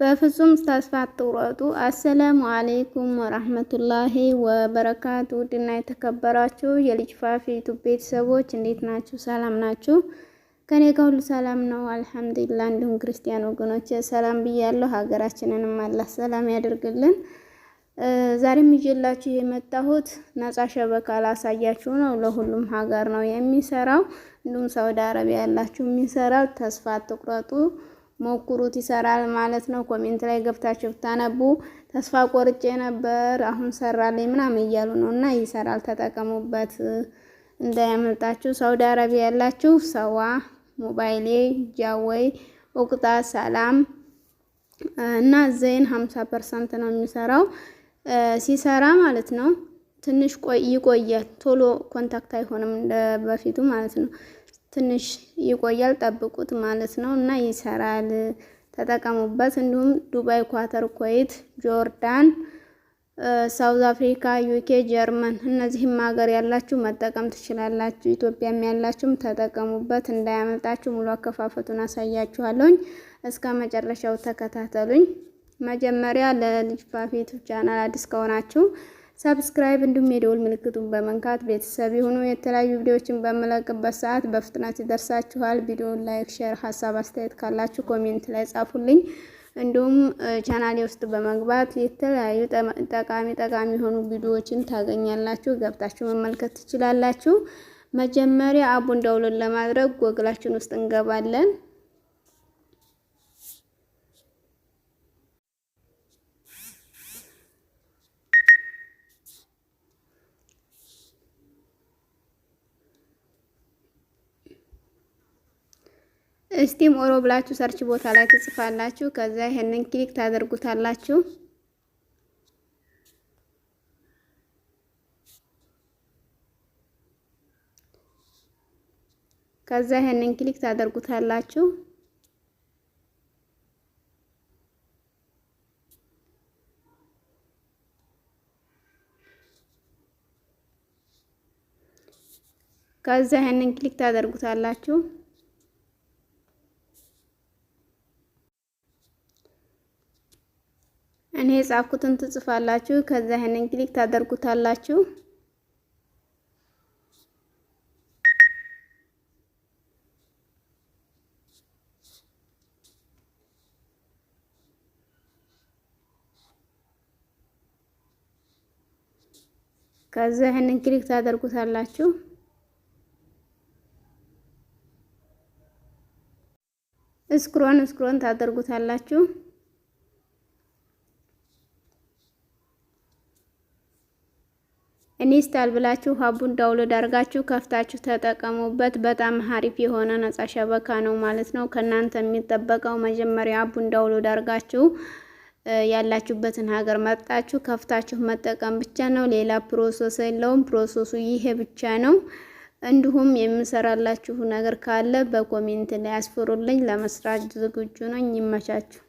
በፍጹም ተስፋ አትቁረጡ። አሰላሙ አሌይኩም ወራህመቱላሂ ወበረካቱ። ውድና የተከበራችሁ የልጅ ፋፊ ዩቱብ ቤተሰቦች እንዴት ናችሁ? ሰላም ናችሁ? ከኔ ጋር ሁሉ ሰላም ነው አልሐምዱሊላ። እንዲሁም ክርስቲያን ወገኖች ሰላም ብያለሁ። ሀገራችንንም አላህ ሰላም ያደርግልን። ዛሬም ይዤላችሁ የመጣሁት ነጻ ሸበካ ላሳያችሁ ነው። ለሁሉም ሀገር ነው የሚሰራው። እንዲሁም ሳውዲ አረቢያ ያላችሁ የሚሰራው ተስፋ አትቁረጡ ሞክሩት ይሰራል ማለት ነው። ኮሜንት ላይ ገብታችሁ ብታነቡ ተስፋ ቆርጬ ነበር አሁን ሰራልኝ ምናምን እያሉ ነው እና ይሰራል፣ ተጠቀሙበት እንዳያመልጣችሁ። ሳውዲ አረቢያ ያላችሁ ሰዋ፣ ሞባይሌ፣ ጃወይ፣ ኡቅጣ፣ ሰላም እና ዘይን 50 ፐርሰንት ነው የሚሰራው ሲሰራ ማለት ነው። ትንሽ ይቆያል። ቶሎ ኮንታክት አይሆንም እንደ በፊቱ ማለት ነው። ትንሽ ይቆያል፣ ጠብቁት ማለት ነው እና ይሰራል። ተጠቀሙበት። እንዲሁም ዱባይ፣ ኳተር፣ ኩዌት፣ ጆርዳን፣ ሳውዝ አፍሪካ፣ ዩኬ፣ ጀርመን እነዚህም ሀገር ያላችሁ መጠቀም ትችላላችሁ። ኢትዮጵያም ያላችሁም ተጠቀሙበት፣ እንዳያመልጣችሁ። ሙሉ አከፋፈቱን አሳያችኋለሁኝ። እስከ መጨረሻው ተከታተሉኝ። መጀመሪያ ለልጅ ፋፊቱ ቻናል አዲስ ከሆናችሁ ሰብስክራይብ እንዲሁም የደውል ምልክቱን በመንካት ቤተሰብ የሆኑ የተለያዩ ቪዲዮዎችን በመለቅበት ሰዓት በፍጥነት ይደርሳችኋል። ቪዲዮን ላይክ፣ ሼር፣ ሀሳብ አስተያየት ካላችሁ ኮሜንት ላይ ጻፉልኝ። እንዲሁም ቻናሌ ውስጥ በመግባት የተለያዩ ጠቃሚ ጠቃሚ የሆኑ ቪዲዮዎችን ታገኛላችሁ፣ ገብታችሁ መመልከት ትችላላችሁ። መጀመሪያ አቡን ዳውንሎድ ለማድረግ ጎግላችን ውስጥ እንገባለን። እስቲም ኦሮ ብላችሁ ሰርች ቦታ ላይ ትጽፋላችሁ። ከዛ ይሄንን ክሊክ ታደርጉታላችሁ። ከዛ ይሄንን ክሊክ ታደርጉታላችሁ። ከዛ ይሄንን ክሊክ ታደርጉታላችሁ። እኔ የጻፍኩትን ትጽፋላችሁ። ከዛ ይሄንን ክሊክ ታደርጉታላችሁ። ከዛ ይሄንን ክሊክ ታደርጉታላችሁ። እስክሮን እስክሮን ታደርጉታላችሁ። ኢንስታል ብላችሁ ሀቡን ዳውሎድ አድርጋችሁ ከፍታችሁ ተጠቀሙበት። በጣም ሀሪፍ የሆነ ነጻ ሸበካ ነው ማለት ነው። ከእናንተ የሚጠበቀው መጀመሪያ ሀቡን ዳውሎድ አድርጋችሁ ያላችሁበትን ሀገር መጣችሁ ከፍታችሁ መጠቀም ብቻ ነው። ሌላ ፕሮሰስ የለውም። ፕሮሰሱ ይሄ ብቻ ነው። እንዲሁም የምሰራላችሁ ነገር ካለ በኮሜንት ላይ አስፍሩልኝ። ለመስራት ዝግጁ ነኝ። ይመቻችሁ።